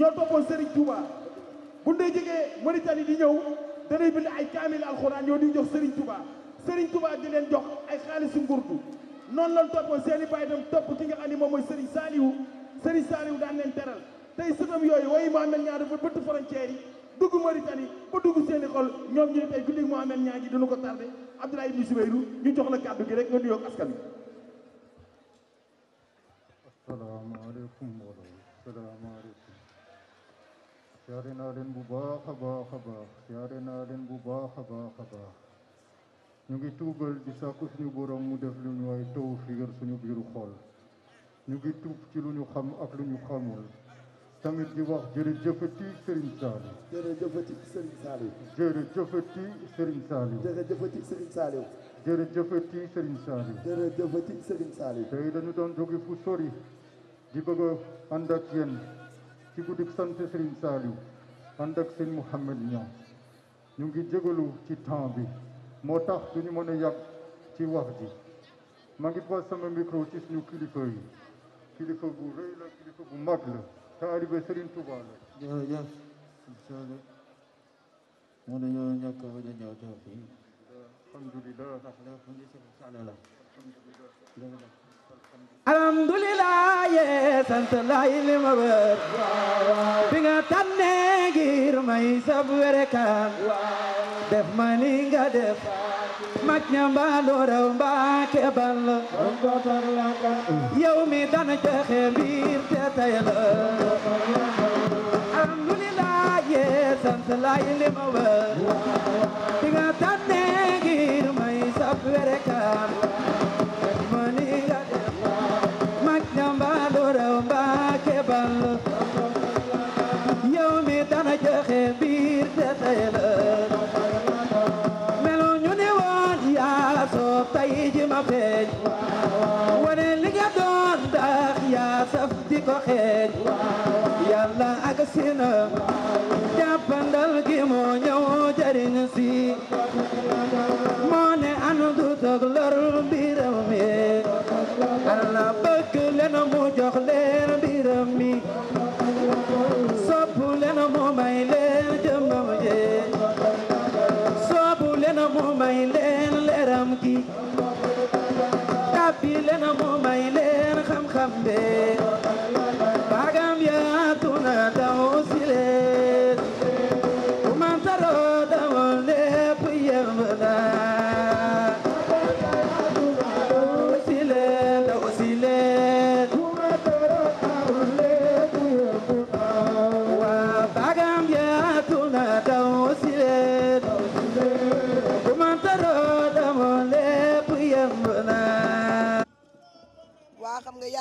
ñoo toppoon sëriñ Touba bu dee jógee Mauritanie di ñëw danay bind ay kaamil alxuraan ñoo di jox Serigne Touba Serigne Touba di leen jox ay xaalisu ngurdu noonu lañ toppoon seen i baay dem topp ki nga xam ne moom mooy Serigne Saliou Serigne Saliou daan leen teral tey sëtam yooyu waaye Mohamed Niang dafa bëtt frontière yi dugg Mauritanie ba dugg seen i xol ñoom ñu ne tey guddi Mohamed Niang gi duñu ko tardé Abdoulaye Ibn Soubeyrou ñu jox la kàddu gi rek nga nuyoog askan wi. asalaamaaleykum mbooloo salaamaaleykum siyaare naa leen bu baax a baax a naa leen bu baax a baax a baax ñu ngi tuubal di sàkku suñu borom mu def lu ñu ay taw fiir suñu biiru xool ñu ngi tuub ci lu ñu xam ak lu ñu xamul tamit di wax jërëjëfati Serigne Saliou. jërëjëfati Serigne Saliou. jërëjëfati Serigne Saliou. jërëjëfati Serigne Saliou. jërëjëfati Serigne Saliou. jërëjëfati Serigne Saliou. tey dañu doon jóge fu sori di bëgg a ànd ak yéen ci guddi sant Serigne Saliou. ànd ak sëñ Mouhamed ñoom ñu ngi jégalu ci temps bi moo tax duñu mën a yàgg ci wax ji ma ngi pas sama micro ci suñu kilifa yi kilifa bu rëy la kilifa bu mag la taalibe Serigne Touba la jërëjëf sole mu dañoo ñàkk baña ñëw teew alhamdulillah ndax si sale la alhamdulilah yee sant ma wër bi nga tànne ngir may sab werekaan def ma ni nga def mag ña mbaalo rew mbaake bal yow mi dana joxe mbir te tey la alhamdulilah yee ma wër aksina jàppandal gi moo ñëw jariñ si moo ne anu du tog lor mbiram mi ala bëgg leen mu jox leen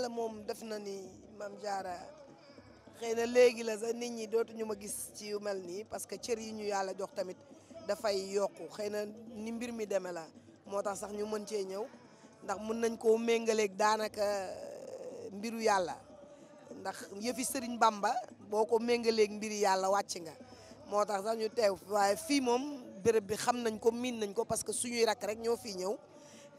yàlla moom def na ni Mame Diarra xëy na léegi la sax nit ñi dootuñu ma gis ci yu mel nii parce que cër yi ñu yàlla jox tamit dafay yokk xëy na ni mbir mi demee la moo tax sax ñu mën cee ñëw ndax mun nañ koo méngaleeg daanaka euh, mbiru yàlla ndax yëfi sëriñ Bamba boo ko méngaleeg mbiri yàlla wàcc nga moo tax sax ñu teew waaye fii moom béréb bi xam nañ ko miin nañ ko parce que suñuy rakk rek ñoo fii ñëw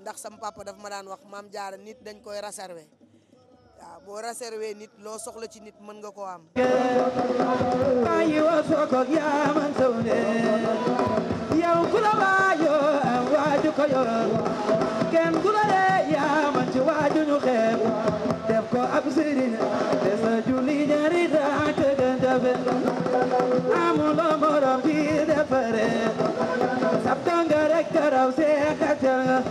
ndax sam papa daf ma daan wax maam jaara nit dañ koy réserver waaw boo réserver nit loo soxla ci nit mën nga koo am yow ku la waajoo am waaju ko kenn ku la lee yaa man ci waaju ñu xeeb def ko ab sëriñ te sa julli ñaari tànk gën jafe amuloo morom bi defaree sab tanga rek karaw see xaccal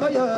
哎呀。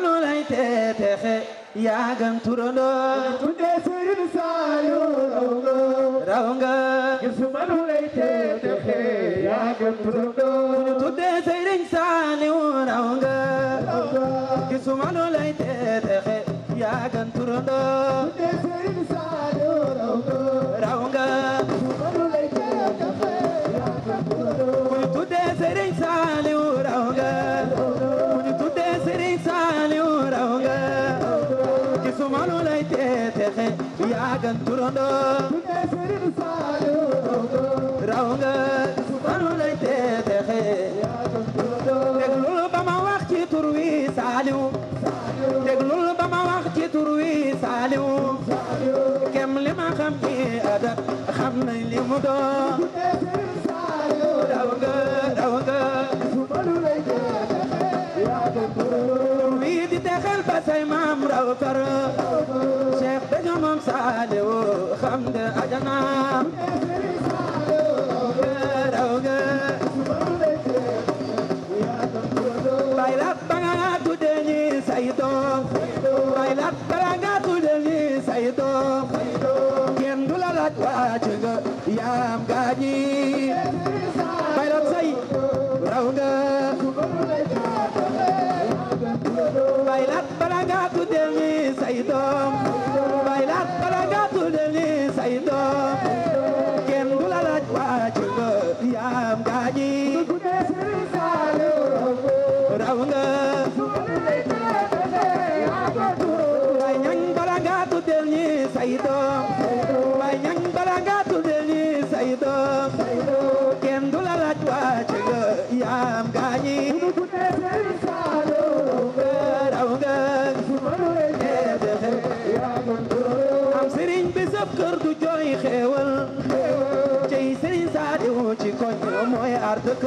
nanu lay tee texe yaa gën turandoo tudde Serigne Saliou raw nga saaliwu kem li ma xam ci adab xam nañ li mu doon daw nga daw nga wii di dexel ba say maam raw kar Cheikh dañu moom saaliwu xam nga ajanaam sab kër du jooy xéewal cey sëriñ Saaliw ci koñ mooy ar dëkk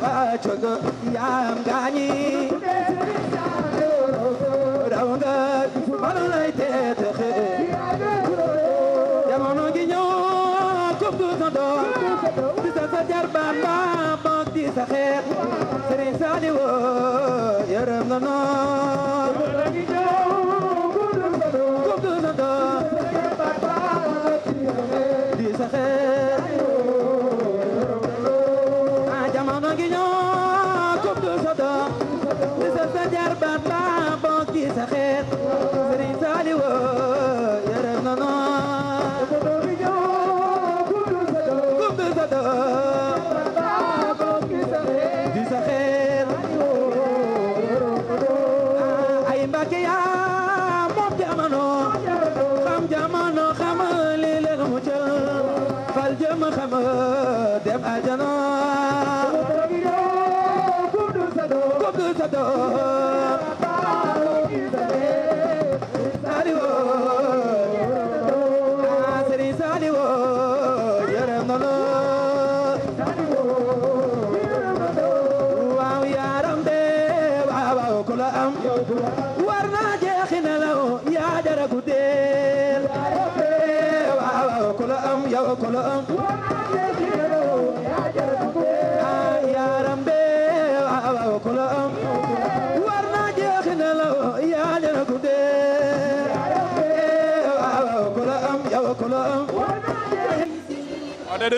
chogo yam gani rawanga manu lay te taxe jamono gi ñëw ko ko do di sa sa jar ba ba ba di sa xeex Serigne Saliou yërëm na noo forever. Shanala.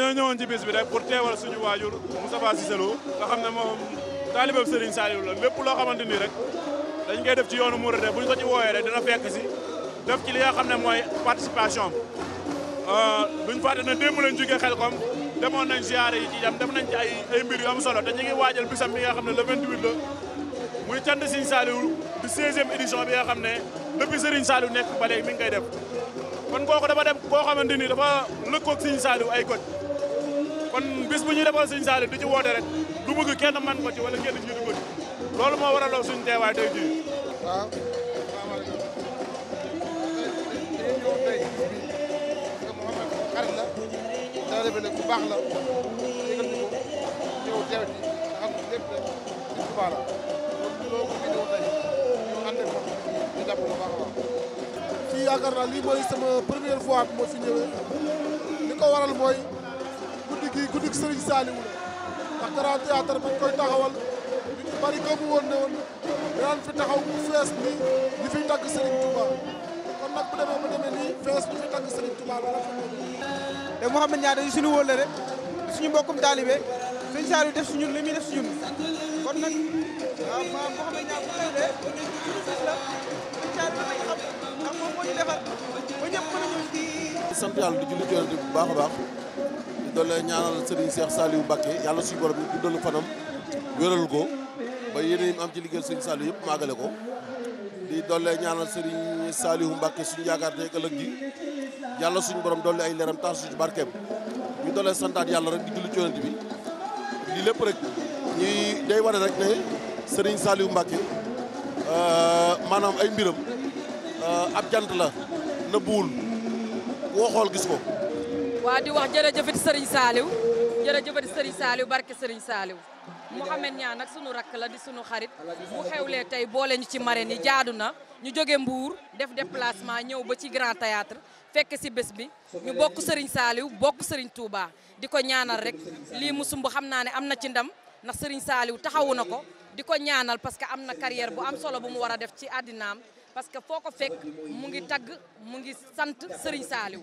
dañoo ñëwoon ci bis bi rek pour teewal suñu waajur Moustapha Cissé Lo nga xam ne moom taalibab Serigne Saliou la lépp loo xamante ni rek dañ koy def ci yoonu Mouride bu ñu ko ci wooyee rek dina fekk si def ci li nga xam ne mooy participation am euh, duñ fàtte na démb lañ jógee xel kom demoon nañ ziare yi ci jam def nañ ci ay ay mbir yu solo te ñu waajal bisam bi nga xam ne le 28 la muy cant Serigne Saliou di 16e bi nga xam ne depuis Serigne Saliou nekk ba léegi mi ngi koy def kon kooku dafa dem koo xamante ni dafa lëkkoog Serigne Saliou ay goj kon bis bu ñu defal suñu saali di ci woote rek du bëgg kenn man ko ci wala kenn ci du bëgg loolu moo waraloon suñu teewaay tey jii. waaw. xarit la bu baax la yëgal ñu ko ñëw teew ci xam lépp rek ñu ànd ak moom ñu jàpp lu baax a baax. fii naa lii mooy sama première fois moo fi ñëwee li ko waral mooy. guddik Serigne Saliou la ndax Grand Théâtre bañ koy taxawal ñu ci bari gëmu woon ne woon daan fi taxaw bu fees ni ñu fiy tàgg Serigne Touba kon nag bu demee ba demee nii fees ñu fiy tàgg Serigne Touba loolu la fi te Mouhamed Niang dañu suñu wóllëre suñu mbokkum taalibe Serigne Saliou def suñu li muy def suñu kon nag waaw waaw Mouhamed Niang bu xewlee suñu bis la Serigne Saliou dafay xam xam moom moo ñu defar ba ñëpp mën a ñëw sant yàlla di julli bu baax a baax doole ñaanal Serigne Cheikh Saliou Mbacké yàlla suñu borom yi guddalu fanam wéral ko ba yéen am ci liggéey Serigne Saliou yëpp màggale ko di doole ñaanal Serigne Saliou Mbacké suñu yaakaar te ëllëg gi yàlla suñu borom doole ay leeram tax suñu barkeem ñu doole santaat yàlla rek di julli ci bi lii lépp rek ñuy day wane rek ne Serigne Saliou Mbacké euh, maanaam ay mbiram euh, ab jant la nëbbuwul woo xool gis ko waa di wax jërëjëfati Serigne Saliou jërëjëfati Serigne Saliou barke Serigne Saliou Mouhamed Niang nag sunu rakk la di sunu xarit bu xewlee tey boole ñu ci marraine yi jaadu na ñu jóge mbuur def déplacement ñëw ba ci Grand Théâtre fekk si bés bi ñu bokk Serigne Saliou bokk Serigne Touba di ko ñaanal rek lii mu sumb xam naa ne am na ci ndam ndax Serigne Saliou taxawu na ko di ko ñaanal parce que am na carrière bu am solo bu mu war a def ci àddinaam parce que foo ko fekk mu ngi tagg mu ngi sant Serigne Saliou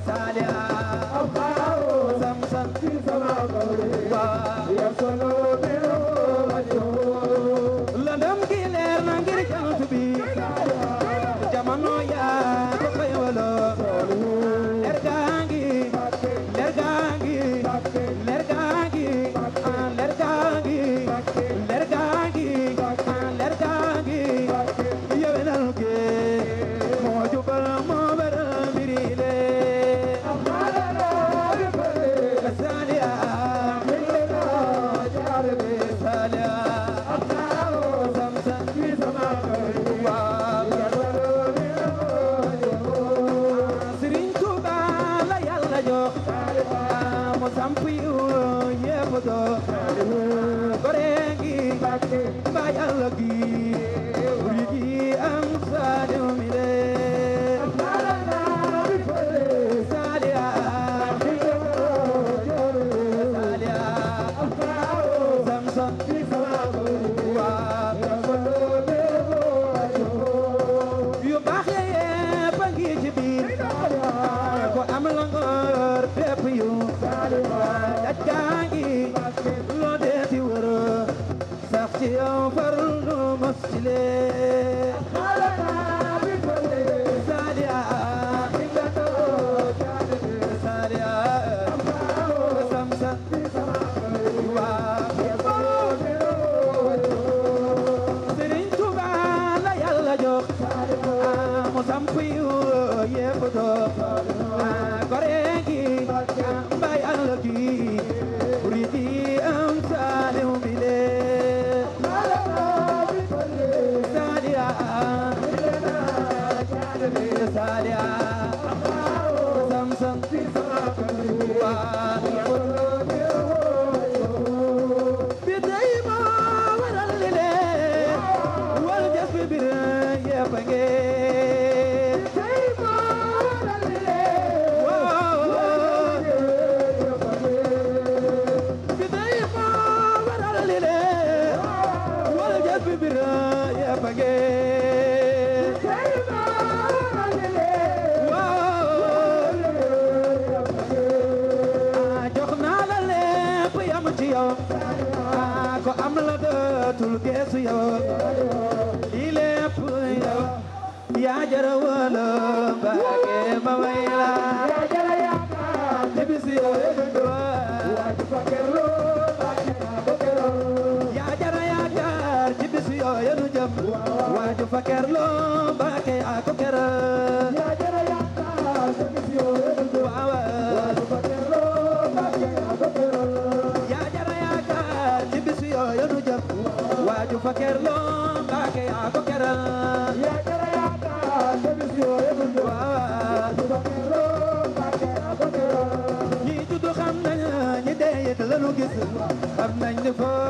sale. Hallelujah. 哎呀！geesu jara wala mbaake ma way la yaa jara yaa kaa tibisi yow yaa jara yaa kaa tibisi yow yenu jëm waaju the